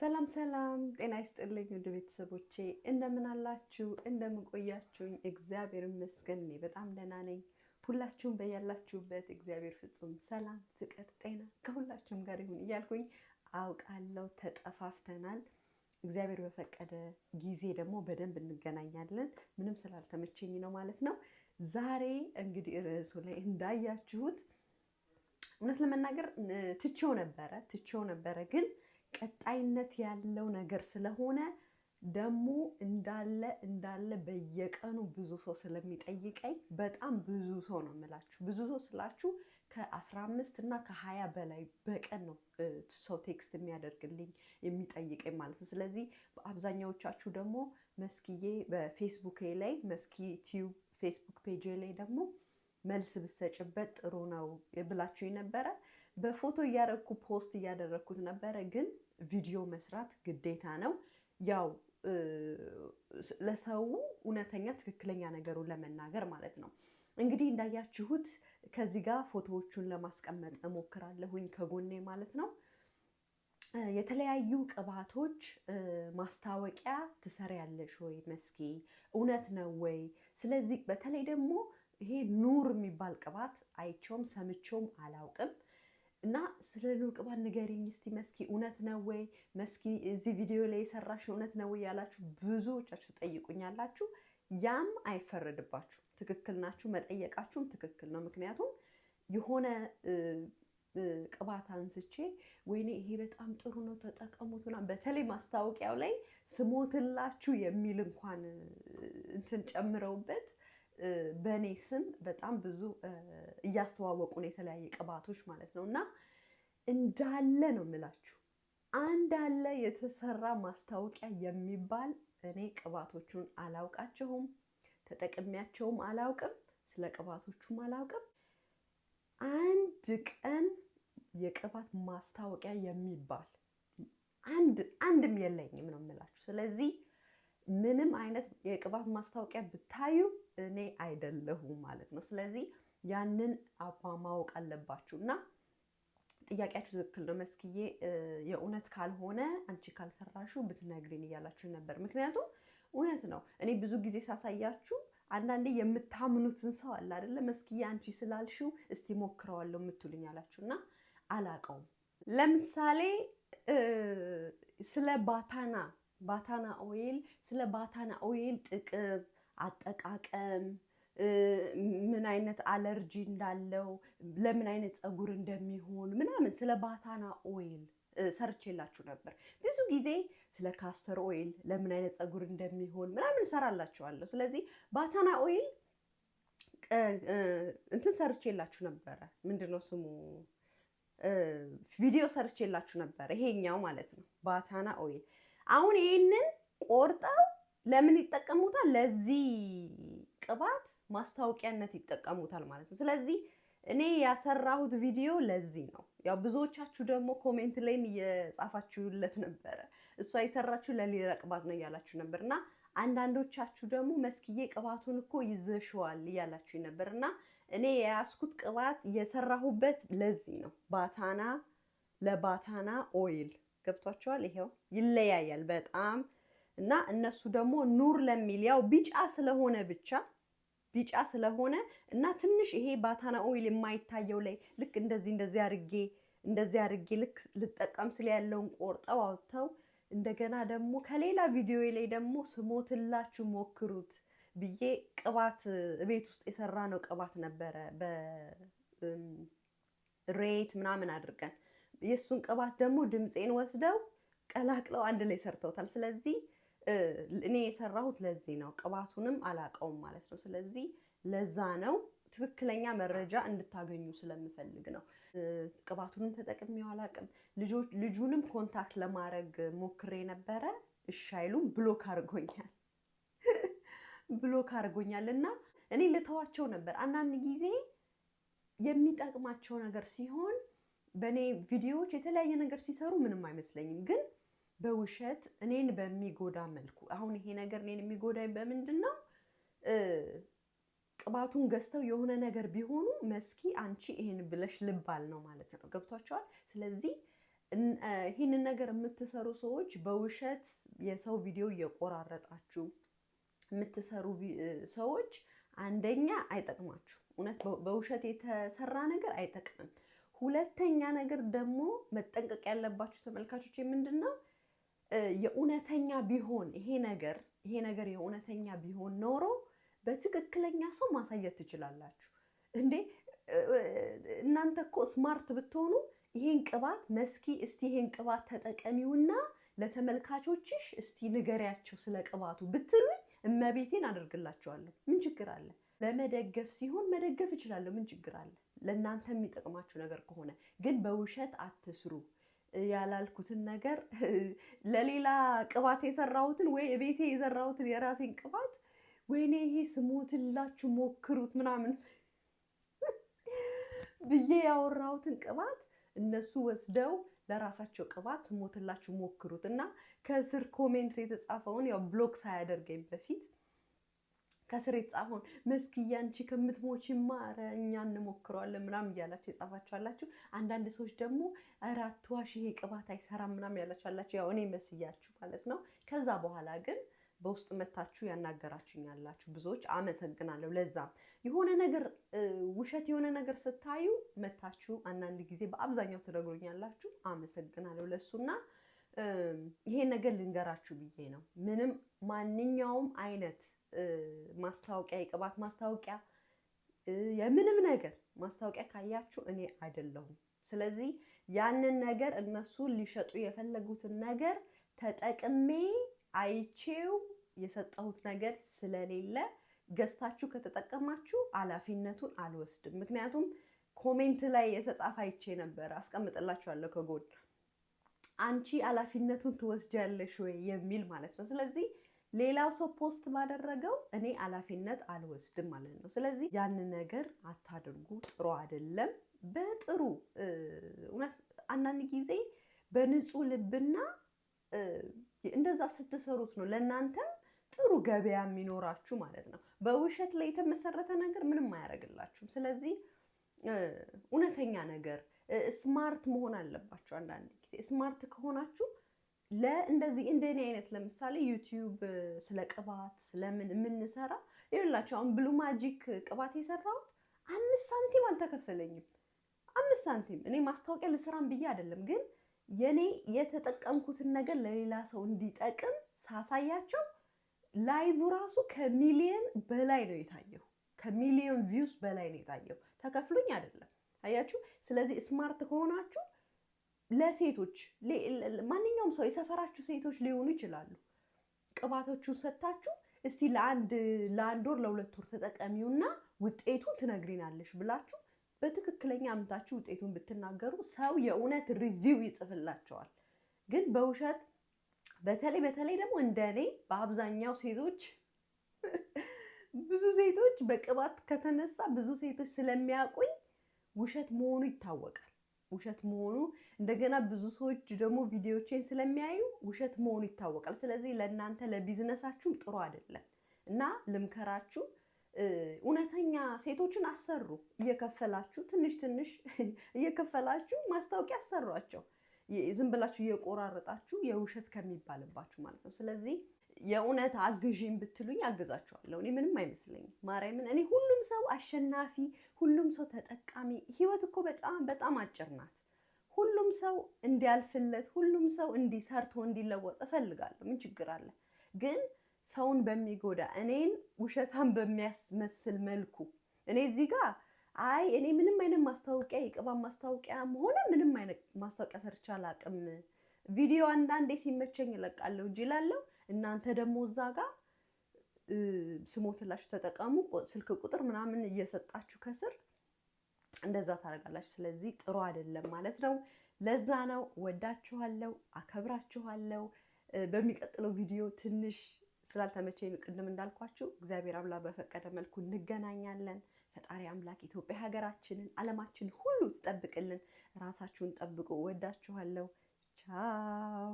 ሰላም ሰላም፣ ጤና ይስጥልኝ ውድ ቤተሰቦቼ እንደምን አላችሁ? እንደምን ቆያችሁኝ? እግዚአብሔር ይመስገን እኔ በጣም ደህና ነኝ። ሁላችሁም በያላችሁበት እግዚአብሔር ፍጹም ሰላም፣ ፍቅር፣ ጤና ከሁላችሁም ጋር ይሁን እያልኩኝ አውቃለሁ ተጠፋፍተናል። እግዚአብሔር በፈቀደ ጊዜ ደግሞ በደንብ እንገናኛለን። ምንም ስላልተመቸኝ ነው ማለት ነው። ዛሬ እንግዲህ ርዕሱ ላይ እንዳያችሁት እውነት ለመናገር ትቼው ነበረ ትቼው ነበረ ግን ቀጣይነት ያለው ነገር ስለሆነ ደግሞ እንዳለ እንዳለ በየቀኑ ብዙ ሰው ስለሚጠይቀኝ በጣም ብዙ ሰው ነው የምላችሁ። ብዙ ሰው ስላችሁ ከ15 እና ከ20 በላይ በቀን ነው ሰው ቴክስት የሚያደርግልኝ የሚጠይቀኝ ማለት ነው። ስለዚህ በአብዛኛዎቻችሁ ደግሞ መስኪዬ በፌስቡኬ ላይ መስኪ ቲዩብ ፌስቡክ ፔጅ ላይ ደግሞ መልስ ብሰጭበት ጥሩ ነው ብላችሁ የነበረ። በፎቶ እያረግኩ ፖስት እያደረግኩት ነበረ፣ ግን ቪዲዮ መስራት ግዴታ ነው። ያው ለሰው እውነተኛ ትክክለኛ ነገሩን ለመናገር ማለት ነው። እንግዲህ እንዳያችሁት ከዚህ ጋር ፎቶዎቹን ለማስቀመጥ እሞክራለሁኝ ከጎኔ ማለት ነው። የተለያዩ ቅባቶች ማስታወቂያ ትሰሪያለሽ ወይ መስኪ፣ እውነት ነው ወይ? ስለዚህ በተለይ ደግሞ ይሄ ኑር የሚባል ቅባት አይቼውም ሰምቼውም አላውቅም። እና ስለ ሉቅማን ንገሪኝ እስቲ መስኪ እውነት ነው ወይ መስኪ እዚህ ቪዲዮ ላይ የሰራሽ እውነት ነው ወይ ያላችሁ ብዙዎቻችሁ ጠይቁኛላችሁ። ያም አይፈረድባችሁ፣ ትክክል ናችሁ። መጠየቃችሁም ትክክል ነው። ምክንያቱም የሆነ ቅባት አንስቼ ወይኔ ይሄ በጣም ጥሩ ነው ተጠቀሙት፣ ምናምን በተለይ ማስታወቂያው ላይ ስሞትላችሁ የሚል እንኳን እንትን ጨምረውበት በእኔ ስም በጣም ብዙ እያስተዋወቁ ነው የተለያየ ቅባቶች ማለት ነው። እና እንዳለ ነው የምላችሁ አንዳለ የተሰራ ማስታወቂያ የሚባል እኔ ቅባቶቹን አላውቃቸውም፣ ተጠቅሚያቸውም አላውቅም፣ ስለ ቅባቶቹም አላውቅም። አንድ ቀን የቅባት ማስታወቂያ የሚባል አንድ አንድም የለኝም ነው የምላችሁ ስለዚህ ምንም አይነት የቅባት ማስታወቂያ ብታዩ እኔ አይደለሁም ማለት ነው። ስለዚህ ያንን አባ ማወቅ አለባችሁ እና ጥያቄያችሁ ትክክል ነው መስክዬ፣ የእውነት ካልሆነ አንቺ ካልሰራሹ ብትነግሪን እያላችሁ ነበር። ምክንያቱም እውነት ነው። እኔ ብዙ ጊዜ ሳሳያችሁ አንዳንዴ የምታምኑትን ሰው አለ አይደለ? መስክዬ አንቺ ስላልሽው እስቲ ሞክረዋለሁ የምትሉኝ አላችሁ እና አላቀውም። ለምሳሌ ስለ ባታና ባታና ኦይል ስለ ባታና ኦይል ጥቅም፣ አጠቃቀም፣ ምን አይነት አለርጂ እንዳለው፣ ለምን አይነት ፀጉር እንደሚሆን ምናምን ስለ ባታና ኦይል ሰርቼላችሁ ነበር። ብዙ ጊዜ ስለ ካስተር ኦይል ለምን አይነት ፀጉር እንደሚሆን ምናምን እሰራላችኋለሁ። ስለዚህ ባታና ኦይል እንትን ሰርቼላችሁ ነበረ። ምንድነው ስሙ? ቪዲዮ ሰርቼላችሁ ነበረ። ይሄኛው ማለት ነው ባታና ኦይል አሁን ይሄንን ቆርጠው ለምን ይጠቀሙታል? ለዚህ ቅባት ማስታወቂያነት ይጠቀሙታል ማለት ነው። ስለዚህ እኔ ያሰራሁት ቪዲዮ ለዚህ ነው። ያው ብዙዎቻችሁ ደግሞ ኮሜንት ላይም እየጻፋችሁለት ነበረ፣ እሷ የሰራችሁ ለሌላ ቅባት ነው እያላችሁ ነበር እና አንዳንዶቻችሁ ደግሞ መስክዬ ቅባቱን እኮ ይዘሽዋል እያላችሁ ነበር እና እኔ የያዝኩት ቅባት የሰራሁበት ለዚህ ነው። ባታና ለባታና ኦይል ገብቷቸዋል። ይሄው ይለያያል በጣም እና እነሱ ደግሞ ኑር ለሚል ያው ቢጫ ስለሆነ ብቻ ቢጫ ስለሆነ እና ትንሽ ይሄ ባታና ኦይል የማይታየው ላይ ልክ እንደዚህ እንደዚህ አድርጌ እንደዚህ አድርጌ ልክ ልጠቀም ስለ ያለውን ቆርጠው አውጥተው እንደገና ደግሞ ከሌላ ቪዲዮ ላይ ደግሞ ስሞትላችሁ ሞክሩት ብዬ ቅባት ቤት ውስጥ የሰራ ነው ቅባት ነበረ በሬት ምናምን አድርገን የእሱን ቅባት ደግሞ ድምፄን ወስደው ቀላቅለው አንድ ላይ ሰርተውታል። ስለዚህ እኔ የሰራሁት ለዚህ ነው። ቅባቱንም አላቀውም ማለት ነው። ስለዚህ ለዛ ነው ትክክለኛ መረጃ እንድታገኙ ስለምፈልግ ነው። ቅባቱንም ተጠቅሜው አላቅም። ልጁንም ኮንታክት ለማድረግ ሞክሬ ነበረ። እሺ አይሉም፣ ብሎክ አድርጎኛል። ብሎክ አድርጎኛል እና እኔ ልተዋቸው ነበር። አንዳንድ ጊዜ የሚጠቅማቸው ነገር ሲሆን በእኔ ቪዲዮዎች የተለያየ ነገር ሲሰሩ ምንም አይመስለኝም፣ ግን በውሸት እኔን በሚጎዳ መልኩ አሁን ይሄ ነገር እኔን የሚጎዳኝ በምንድን ነው? ቅባቱን ገዝተው የሆነ ነገር ቢሆኑ መስኪ አንቺ ይሄን ብለሽ ልባል ነው ማለት ነው። ገብቷቸዋል። ስለዚህ ይህንን ነገር የምትሰሩ ሰዎች በውሸት የሰው ቪዲዮ እየቆራረጣችሁ የምትሰሩ ሰዎች አንደኛ አይጠቅማችሁ። እውነት በውሸት የተሰራ ነገር አይጠቅምም። ሁለተኛ ነገር ደግሞ መጠንቀቅ ያለባችሁ ተመልካቾች ምንድን ነው የእውነተኛ ቢሆን ይሄ ነገር ይሄ ነገር የእውነተኛ ቢሆን ኖሮ በትክክለኛ ሰው ማሳየት ትችላላችሁ። እንዴ እናንተ እኮ ስማርት ብትሆኑ ይሄን ቅባት መስኪ እስቲ ይሄን ቅባት ተጠቀሚውና ለተመልካቾችሽ እስቲ ንገሪያቸው ስለ ቅባቱ ብትሉኝ እመቤቴን አደርግላቸዋለሁ። ምን ችግር አለ? ለመደገፍ ሲሆን መደገፍ እችላለሁ። ምን ችግር አለ? ለእናንተ የሚጠቅማችሁ ነገር ከሆነ ግን በውሸት አትስሩ። ያላልኩትን ነገር ለሌላ ቅባት የሰራሁትን ወይ ቤቴ የዘራሁትን የራሴን ቅባት ወይኔ ይሄ ስሞትላችሁ ሞክሩት ምናምን ብዬ ያወራሁትን ቅባት እነሱ ወስደው ለራሳቸው ቅባት ስሞትላችሁ ሞክሩት እና ከስር ኮሜንት የተጻፈውን ያው ብሎክ ሳያደርገኝ በፊት ከስር የተጻፈውን መስኪ ያንቺ ከምትሞች ማረ እኛ እንሞክረዋለን ምናምን እያላችሁ የጻፋችሁ አንዳንድ ሰዎች ደግሞ ራትዋሽ ይሄ ቅባት አይሰራም ምናምን ያላችሁ አላችሁ። ያው እኔ መስያችሁ ማለት ነው። ከዛ በኋላ ግን በውስጥ መታችሁ ያናገራችሁኝ ያላችሁ ብዙዎች አመሰግናለሁ። ለዛም የሆነ ነገር ውሸት የሆነ ነገር ስታዩ መታችሁ አንዳንድ ጊዜ በአብዛኛው ትነግሩኛላችሁ። አመሰግናለሁ ለእሱና ይሄን ነገር ልንገራችሁ ብዬ ነው። ምንም ማንኛውም አይነት ማስታወቂያ፣ የቅባት ማስታወቂያ፣ የምንም ነገር ማስታወቂያ ካያችሁ እኔ አይደለሁም። ስለዚህ ያንን ነገር እነሱ ሊሸጡ የፈለጉትን ነገር ተጠቅሜ አይቼው የሰጠሁት ነገር ስለሌለ ገዝታችሁ ከተጠቀማችሁ ኃላፊነቱን አልወስድም። ምክንያቱም ኮሜንት ላይ የተጻፈ አይቼ ነበር፣ አስቀምጥላችኋለሁ ከጎን አንቺ ኃላፊነቱን ትወስጃለሽ ወይ የሚል ማለት ነው። ስለዚህ ሌላው ሰው ፖስት ባደረገው እኔ ኃላፊነት አልወስድም ማለት ነው። ስለዚህ ያንን ነገር አታድርጉ፣ ጥሩ አይደለም። በጥሩ እውነት አንዳንድ ጊዜ በንጹህ ልብና እንደዛ ስትሰሩት ነው ለእናንተም ጥሩ ገበያ የሚኖራችሁ ማለት ነው። በውሸት ላይ የተመሰረተ ነገር ምንም አያደርግላችሁም። ስለዚህ እውነተኛ ነገር ስማርት መሆን አለባችሁ። አንዳንድ ጊዜ ስማርት ከሆናችሁ ለእንደዚህ እንደኔ አይነት ለምሳሌ ዩቲዩብ ስለ ቅባት ስለምን የምንሰራ ይኸውላችሁ፣ አሁን ብሉ ማጂክ ቅባት የሰራሁት አምስት ሳንቲም አልተከፈለኝም። አምስት ሳንቲም እኔ ማስታወቂያ ልስራም ብዬ አይደለም፣ ግን የኔ የተጠቀምኩትን ነገር ለሌላ ሰው እንዲጠቅም ሳሳያቸው ላይቭ ራሱ ከሚሊየን በላይ ነው የታየው። ከሚሊዮን ቪውስ በላይ ነው የታየው። ተከፍሎኝ አይደለም። አያችሁ። ስለዚህ ስማርት ከሆናችሁ ለሴቶች ማንኛውም ሰው የሰፈራችሁ ሴቶች ሊሆኑ ይችላሉ። ቅባቶቹን ሰጥታችሁ እስቲ ለአንድ ለአንድ ወር ለሁለት ወር ተጠቀሚውና ውጤቱን ትነግሪናለሽ ብላችሁ በትክክለኛ አምታችሁ ውጤቱን ብትናገሩ ሰው የእውነት ሪቪው ይጽፍላቸዋል። ግን በውሸት በተለይ በተለይ ደግሞ እንደ እኔ በአብዛኛው ሴቶች ብዙ ሴቶች በቅባት ከተነሳ ብዙ ሴቶች ስለሚያውቁኝ ውሸት መሆኑ ይታወቃል። ውሸት መሆኑ እንደገና ብዙ ሰዎች ደግሞ ቪዲዮቼን ስለሚያዩ ውሸት መሆኑ ይታወቃል። ስለዚህ ለእናንተ ለቢዝነሳችሁም ጥሩ አይደለም እና ልምከራችሁ እውነተኛ ሴቶችን አሰሩ። እየከፈላችሁ ትንሽ ትንሽ እየከፈላችሁ ማስታወቂያ አሰሯቸው። ዝም ብላችሁ እየቆራረጣችሁ የውሸት ከሚባልባችሁ ማለት ነው። ስለዚህ የእውነት አግዥኝ ብትሉኝ አግዛችኋለሁ። እኔ ምንም አይመስለኝም። ማርያምን እኔ ሁሉም ሰው አሸናፊ፣ ሁሉም ሰው ተጠቃሚ። ህይወት እኮ በጣም በጣም አጭር ናት። ሁሉም ሰው እንዲያልፍለት፣ ሁሉም ሰው እንዲሰርቶ እንዲለወጥ እፈልጋለሁ። ምን ችግር አለ? ግን ሰውን በሚጎዳ እኔን ውሸታን በሚያስመስል መልኩ እኔ እዚህ ጋር አይ እኔ ምንም አይነት ማስታወቂያ የቅባብ ማስታወቂያ ሆነ ምንም አይነት ማስታወቂያ ሰርቻ አላቅም። ቪዲዮ አንዳንዴ ሲመቸኝ እለቃለሁ እጅ እላለሁ እናንተ ደግሞ እዛ ጋር ስሞትላችሁ ተጠቀሙ ስልክ ቁጥር ምናምን እየሰጣችሁ ከስር እንደዛ ታደርጋላችሁ። ስለዚህ ጥሩ አይደለም ማለት ነው። ለዛ ነው ወዳችኋለው፣ አከብራችኋለው። በሚቀጥለው ቪዲዮ ትንሽ ስላልተመቸኝ ቅድም እንዳልኳችሁ እግዚአብሔር አምላክ በፈቀደ መልኩ እንገናኛለን። ፈጣሪ አምላክ ኢትዮጵያ ሀገራችንን፣ ዓለማችን ሁሉ ትጠብቅልን። ራሳችሁን ጠብቁ። ወዳችኋለሁ። ቻው